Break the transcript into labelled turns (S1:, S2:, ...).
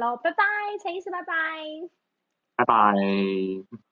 S1: 好，拜拜，陳醫師，拜拜，拜拜。